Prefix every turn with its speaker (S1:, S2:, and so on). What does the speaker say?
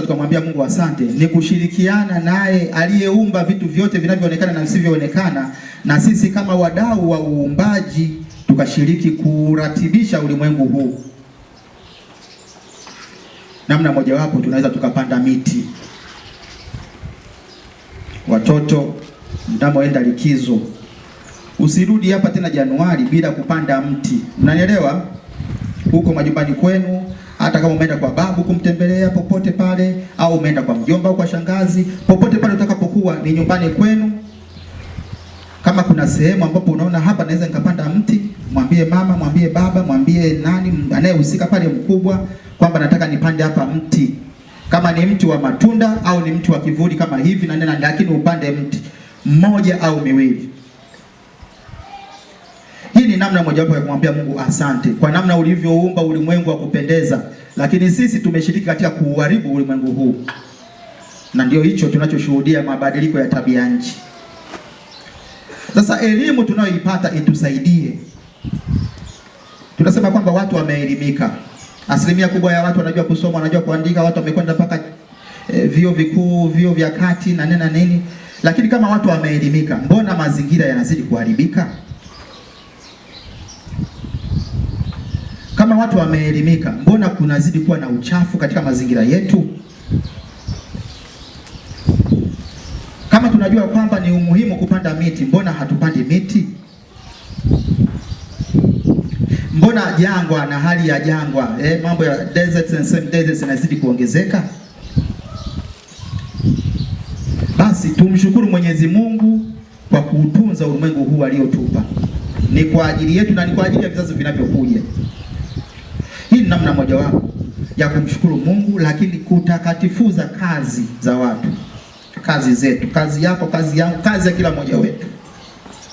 S1: tunaweza tukamwambia Mungu asante ni kushirikiana naye aliyeumba vitu vyote vinavyoonekana na visivyoonekana, na sisi kama wadau wa uumbaji tukashiriki kuratibisha ulimwengu huu. Namna mojawapo tunaweza tukapanda miti. Watoto mnamoenda likizo, usirudi hapa tena Januari bila kupanda mti, mnanielewa? Huko majumbani kwenu hata kama umeenda kwa babu kumtembelea popote pale, au umeenda kwa mjomba au kwa shangazi, popote pale utakapokuwa, ni nyumbani kwenu. Kama kuna sehemu ambapo unaona hapa naweza nikapanda mti, mwambie mama, mwambie baba, mwambie nani anayehusika pale mkubwa, kwamba nataka nipande hapa mti, kama ni mti wa matunda au ni mti wa kivuli kama hivi, na nenda lakini upande mti mmoja au miwili hii ni namna mojawapo ya kumwambia Mungu asante kwa namna ulivyoumba ulimwengu wa kupendeza, lakini sisi tumeshiriki katika kuuharibu ulimwengu huu, na ndio hicho tunachoshuhudia, mabadiliko ya tabia nchi. Sasa elimu tunayoipata itusaidie. Tunasema kwamba watu wameelimika, asilimia kubwa ya watu wanajua kusoma, wanajua kuandika, watu wamekwenda mpaka eh, vyuo vikuu, vyuo vya kati na nini na nini, lakini kama watu wameelimika, mbona mazingira yanazidi kuharibika? watu wameelimika? Mbona kunazidi kuwa na uchafu katika mazingira yetu? Kama tunajua kwamba ni umuhimu kupanda miti, mbona hatupandi miti? Mbona jangwa na hali ya jangwa eh, mambo ya deserts and same deserts inazidi kuongezeka? Basi tumshukuru Mwenyezi Mungu kwa kuutunza ulimwengu huu aliotupa. Ni kwa ajili yetu na ni kwa ajili ya vizazi vinavyokuja ni namna mojawapo ya kumshukuru Mungu, lakini kutakatifuza kazi za watu, kazi zetu, kazi yako, kazi yangu, kazi ya kila mmoja wetu.